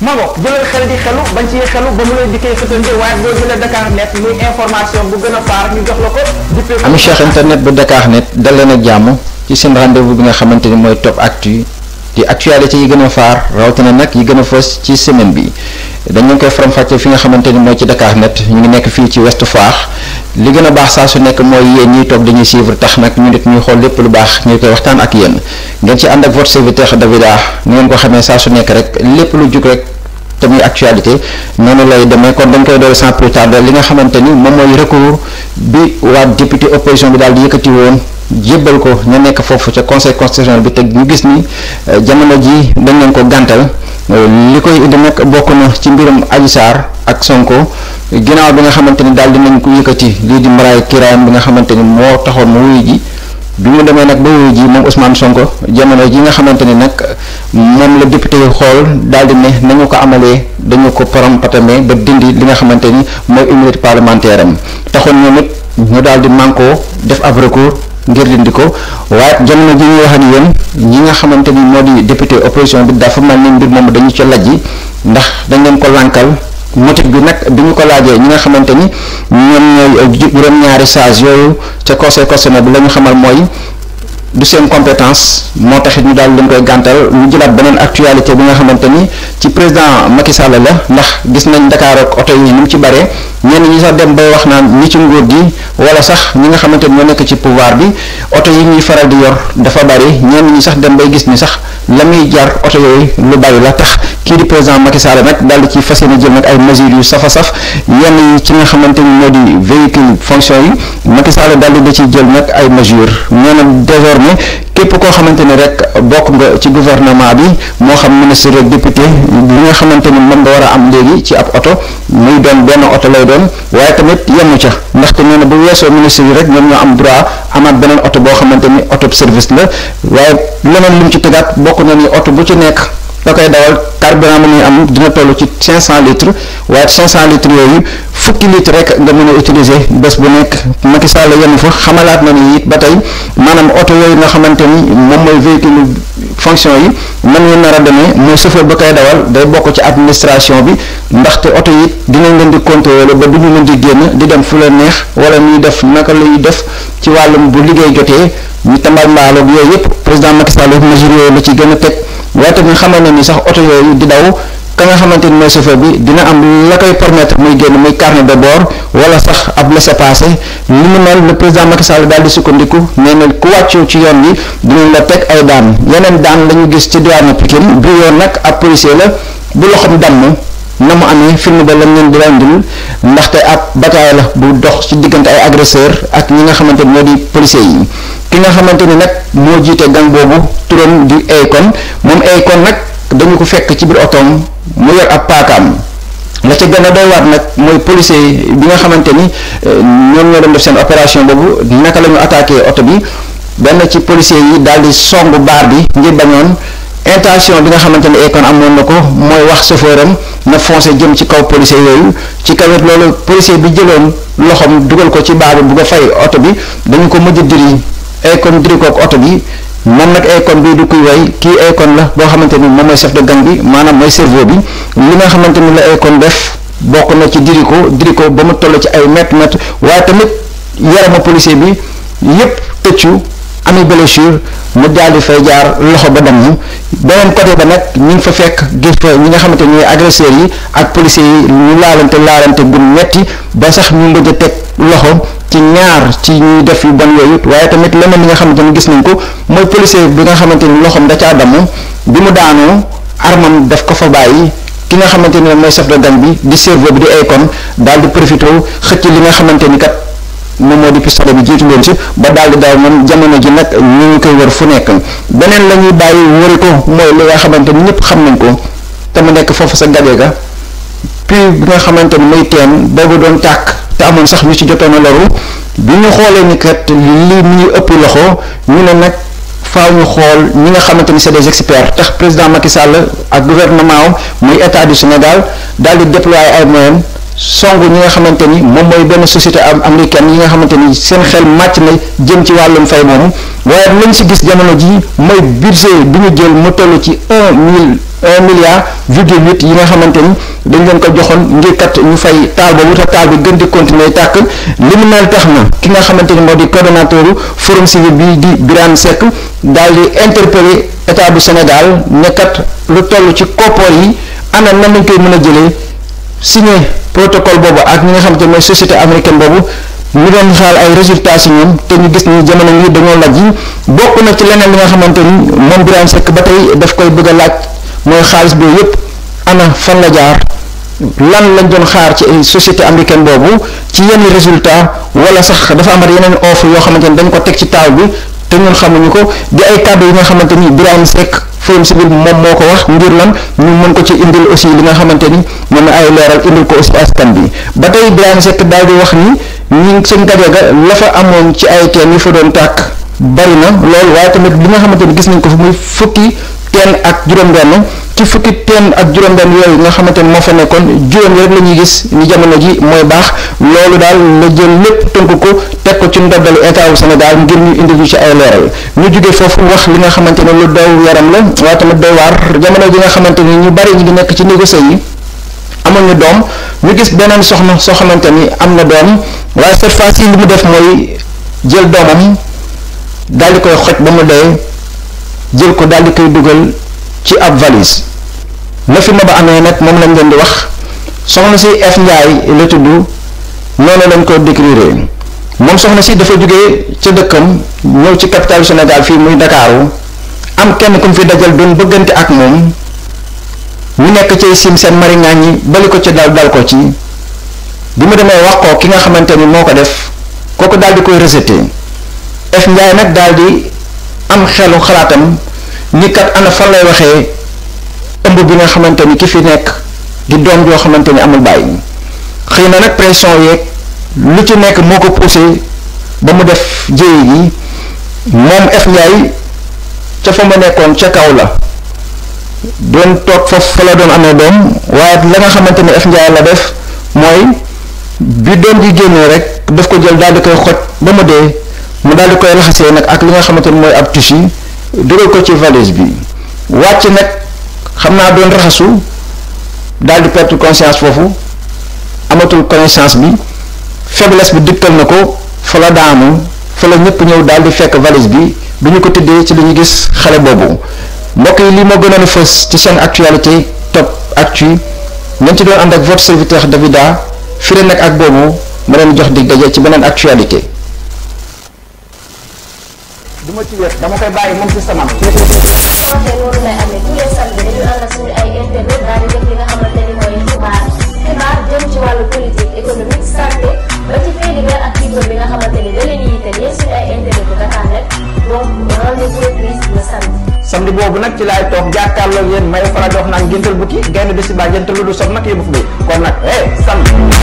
ma bokk jëlal xel di xelu bañ ciy xelu ba mu lay dikkee xëtandi waaye boo jëlee Dakar net muy information bu gën a faar ñu jox la ko. di ami cheikh internet bu Dakar net dal leen ak jàmm ci seen rendez bi nga xamante ni mooy Top Actu di actualité yi gën a faar rawatina nag yi gën a fës ci semaine bi. dañ leen koy faram-fàccee fi nga xamante ni mooy ci Dakar Net ñu ngi nekk fii ci Ouest Foire li gën a baax saa su nekk mooy yéen ñiy toog dañuy suivre tax nag ñu nit ñuy xool lépp lu baax ñu ngi koy waxtaan ak yéen ngeen ci ànd ak votre serviteur Davida ni ngeen ko xamee saa su nekk rek lépp lu jug rek te muy actualité noonu lay demee kon dañ koy doole sans plus tarder li nga xamante ni moom mooy recours bi waa député opposition bi daal di yëkkati woon. jébbal ko ña nekk foofu ca conseil constitutionnel bi teg ñu gis ni euh, jamono ji dañ leen ko gàntal euh, li koy indi nag bokk na ci mbirum Adji Sarr ak Sonko ginnaaw bi nga xamante ni daal dinañ ko yëkkati lii di mbaraay kiraayam bi nga xamante ni moo taxoon mu wuyu ji bi ñu demee nag ba wuyu ji moom Ousmane Sonko jamono ji nga xamante ni nag moom la député yi xool daal di ne nañu ko amalee dañu ko param patamee ba dindi li nga xamante ni mooy immunité parlementaire am taxoon ñoom it daal di mànkoo def ab recours ngir dindi ko waaye jamono ji ñuy wax ak ñi nga xamante ni moo di député opposition bi dafa mel ni mbir moom dañu ca lajji ndax dañ leen ko lànkal motif bi nag bi ñu ko laajee ñi nga xamante ni ñoom ñooy juróom-ñaari sages yooyu ca conseil constitutionnel bi la ñu xamal mooy du seen compétence moo taxit ñu daal leen koy gàntal ñu jëlaat beneen actualité bi nga xamante ni ci président Macky Sall la ndax gis nañ ndakaar ak oto yi ni mu ci bare ñenn ñi sax dem bay wax naan ñi ci nguur gi. wala sax ñi nga xamante ni ñoo nekk ci pouvoir bi oto yi ñuy faral di yor dafa bari ñenn ñi sax dem bay gis ni sax la muy jar oto yooyu lu bari la tax kii di président Macky nag daal di ci fas yéene jël nag ay mesures yu safa saf yenn yi ci nga xamante ni moo di véhicule fonction yi Macky Sall da ci jël nag ay mesures nee na désormais képp koo xamante ni rek bokk nga ci gouvernement bi moo xam ministre rek député li nga xamante ni moom nga war a am léegi ci ab oto muy doon benn oto lay doon waaye tamit yemu ca ndaxte nee na weesoo ministre yi rek ñoom ñoo am droit amaat beneen oto boo xamante ni oto service la waaye leneen lu mu ci tegaat bokk na ni oto bu ci nekk da koy dawal carburant bu ñuy am dina toll ci 500 litres waaye 500 litres yooyu fukki litres rek nga mën a utiliser bés bu nekk Macky Sall yem fa xamalaat na ni it ba tey maanaam oto yooyu nga xamante ni moom mooy véhicule. fonction yi mën ngeen nar a demee mais chauffeur ba koy dawal day bokk ci administration bi ndaxte oto yi dinañ leen di contrôler ba du ñu leen di génn di dem fu la neex wala ñuy def naka la ñuy def ci wàllum bu liggéey jotee ñu tambaal mbaaloog yooyu yëpp président Macky Sall mesure yooyu la ci gën a teg waaye tamit xamal na ni sax oto yooyu di daw. ka nga xamante ni mooy chauffeur bi dina am la koy permettre muy génn muy carnet de bord wala sax ab laissez-passer li mu mel na président Macky Sall daal di sukkandiku nee na ku wàccu ci yoon bi dinañ la teg ay daan yeneen daan la ñu gis ci diwaanu Pikine bi yoon nag ab policier la bu loxoom damm na mu amee film ba lañ leen di rendil ndaxte ab bataille la bu dox ci diggante ay agresseur ak ñi nga xamante ne moo di policier yi ki nga xamante ni nag moo jiite gang boobu turam di Akon moom Akon nag dañu ko fekk ci biir otoom. mu yor ab paakaam la ca gën a doy waat nag mooy policier bi nga xamante ni eh, ñoom ñoo doon def seen opération boobu naka la ñu attaqué oto bi benn ci policier yi daal di songu baar bi ngir bañoon intention bi nga xamante ne Akon amoon na ko mooy wax chauffeur am na foncé jëm ci kaw policier yooyu ci kawit loolu policier bi jëloon loxoom dugal ko ci baar bi bu ko fay oto bi dañu ko mujj diri Akon diri ko oto bi. moom nag Akon bi du kuy way kii Akon la boo xamante ni moom mooy chef de gang bi maanaam mooy cerveau bi li nga xamante ni la Akon def bokk na ci diri ko diri ko ba mu toll ci ay mett mètre waaye tamit yaramu policier bi yépp tëccu ami blessure mu daal di fay jaar loxo ba damm beneen côté ba nag ñu ngi fa fekk gis fa ñi nga xamante ñooy agresseurs yi ak policiers yi ñu laalante laalante bu metti ba sax ñu mujj a teg loxo ci ñaar ci ñuy def yu bon yooyu waaye tamit leneen li nga xamante ni gis nañ ko mooy policier bi nga xamante loxoom da caa damm bi mu daanoo armam daf ko fa bàyyi ki nga xamante ni mooy chef de gang bi di cerveau bi di Akon daal di profité xëcc li ni kat moom moo di pistolet bi jiitu leen ci ba daal di daw moom jamono ji nag ñu ngi koy wër fu nekk beneen la ñuy bàyyi wëri ko mooy li nga xamante ni ñëpp xam nañ ko te mu nekk foofu sa gaje ga puis bi nga xamante ni muy teen boobu doon tàkk. te amoon sax ñu ci jotoon a loru bi ñu xoolee ni kat lii mi ngi ëpp loxo ñu ne nag faaw ñu xool ñi nga xamante ni c'est des experts tax président Macky Sall ak gouvernement am muy état du Sénégal daal di déployer ay moyens. song ñi nga xamante ni moom mooy benn société américaine yi nga xamante ni seen xel màcc na jëm ci wàllum fay moomu waaye lañ si gis jamono ji mooy budget bi ñu jël mu toll ci un mille un milliard yi nga xamante ni dañ leen ko joxoon ngir kat ñu fay taal ba te taal bi gën di continuer tàkk li mu mel tax na ki nga xamante ni moo di coordonnateur forum civil bi di Birane Seck daal di interpeller état bu Sénégal ne kat lu toll ci koppoor yi ana nan lañ koy mën a jëlee signé protocole boobu ak ñi nga xam te mooy société américaine boobu ñu doon xaar ay résultats si ñoom te ñu gis ni jamono yi dañoo laaj yi bokk na ci leneen li nga xamante ni moom Birahim Seck ba tey daf koy bëgg a laaj mooy xaalis bi yëpp ana fan la jaar lan lañ doon xaar ci société américaine boobu ci yenn résultat wala sax dafa amat yeneen offre yoo xamante ni dañ ko teg ci taaw bi te ñun xamuñu ko di ay kàddu yi nga xamante ni Birahim Seck forum civil moom moo ko wax ngir lan ñu mën ko ci indil aussi li nga xamante ni mën na ay leeral indil ko aussi askan bi ba tey Ibrahima Seck daal di wax ni ñun seen Gadiaga la fa amoon ci ay teen yi fa doon tàkk bari na lool waaye tamit li nga xamante ni gis nañ ko fi muy fukki teen ak juróom-benn ci fukki teen ak juróom-benn yooyu nga xamante ne moo fa nekkoon juróom yi rek la ñuy gis ni jamono ji mooy baax loolu daal la jël lépp tënk ko teg ko ci ndoddalu état wu Sénégal ngir ñu indi ci ay leeral ñu jógee foofu wax li nga xamante ne lu doy yaram la waaye tamit doy waar jamono ji nga xamante ni ñu bari ñi ngi nekk ci négocier yi amoon ñu doom ñu gis beneen soxna soo xamante ni am na doom waaye cette fois-ci li mu def mooy jël doomam daal koy xoj ba mu dee. jël ko daal di koy dugal ci ab valise la fi maba amee nag moom lañ leen di wax soxna si F Ndiaye la tudd noonu lañ ko décrire moom soxna si dafa jógee ca dëkkam ñëw ci capitale Sénégal fii muy Ndakaaru am kenn ku mu fi dajal doon bëggante ak moom mu nekk ci sim seen mari yi bali ko ci dal dal ko ci bi mu demee wax ko ki nga xamante ni moo ko def kooku daal di koy rejeté F Ndiaye nag daal am xelu xalaatam ni kat ana fan lay waxee ëmb bi nga xamante ni ki fi nekk di doom joo xamante ni amul bàyyi xëy na nag pression yeeg lu ci nekk moo ko poussé ba mu def jéye yi moom F Ndiaye ca fa ma nekkoon ca kaw la doon toog foofu fa la doon amee doom waaye la nga xamante ni F Ndiaye la def mooy bi doom ji génnee rek daf ko jël daal di koy xoj ba mu dee mu daal di koy raxasee nag ak li nga xamante ni mooy ab tissu dugal ko ci valise bi wàcc nag xam naa doon raxasu daal di perte conscience foofu amatul connaissance bi faiblesse bi dikkal na ko fa la daanu fa la ñëpp ñëw daal di fekk valise bi bi ñu ko tëddee ci li ñu gis xale boobu mbokk yi lii ma gënoon a fës ci seen actualité top actu ngeen ci doon ànd ak votre serviteur Davida fi nag ak boobu ma leen jox dig daje ci beneen actualité. ma ci wér dama koy bàyyi moom système am. commencé noonu lay amee tous les samedi dañuy ànd ak suñu ay internet daal di def li nga xamante ni mooy xibaar xibaar jëm ci wàllu politique économique santé ba ci fee di weer ak kii bi nga xamante ni da leen yitteel yéen suñu ay internet yu Dakar rek donc rendez-vous prise le samedi. samedi boobu nag ci laay toog jàkkaarloo ak yéen may faral di wax naan géntal bukki gaynde bi si baa géntal lu du sob nag yóbbu fu muy kon nag hey samedi.